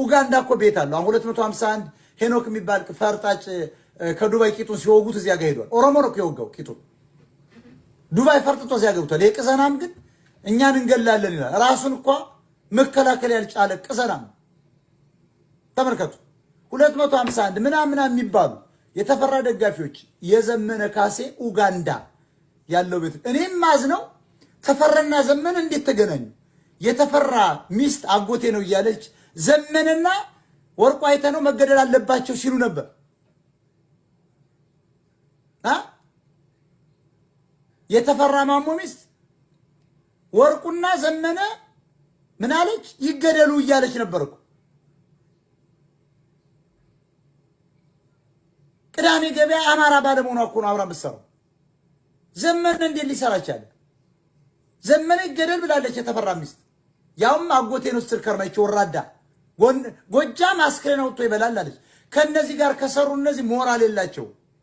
ኡጋንዳ እኮ ቤት አለው። አሁን 251 ሄኖክ የሚባል ፈርጣጭ ከዱባይ ቂጡን ሲወጉት እዚያ ጋር ሄዷል። ኦሮሞ ነው የወጋው ቂጡን ዱባይ ፈርጥቶ እዚያ ገብቷል። የቅዘናም ግን እኛን እንገላለን ይላል። ራሱን እኳ መከላከል ያልቻለ ቅዘናም ተመልከቱ። 251 ምናምን የሚባሉ የተፈራ ደጋፊዎች የዘመነ ካሴ ኡጋንዳ ያለው ቤት እኔም ማዝነው ተፈረና ዘመነ እንዴት ተገናኙ? የተፈራ ሚስት አጎቴ ነው እያለች ዘመነና ወርቁ አይተ ነው መገደል አለባቸው ሲሉ ነበር። የተፈራ ማሞ ሚስት ወርቁና ዘመነ ምን አለች? ይገደሉ እያለች ነበር እኮ ቅዳሜ ገበያ አማራ ባለመሆኗ እኮ ነው አብራ የምትሰራው። ዘመነ እንዴት ሊሰራ ይቻላል? ዘመነ ይገደል ብላለች የተፈራ ሚስት ያውም አጎቴን ውስጥ ከርማቸው ወራዳ ጎጃም አስክሬን አውጥቶ ይበላል አለች። ከእነዚህ ጋር ከሰሩ እነዚህ ሞራል የላቸው።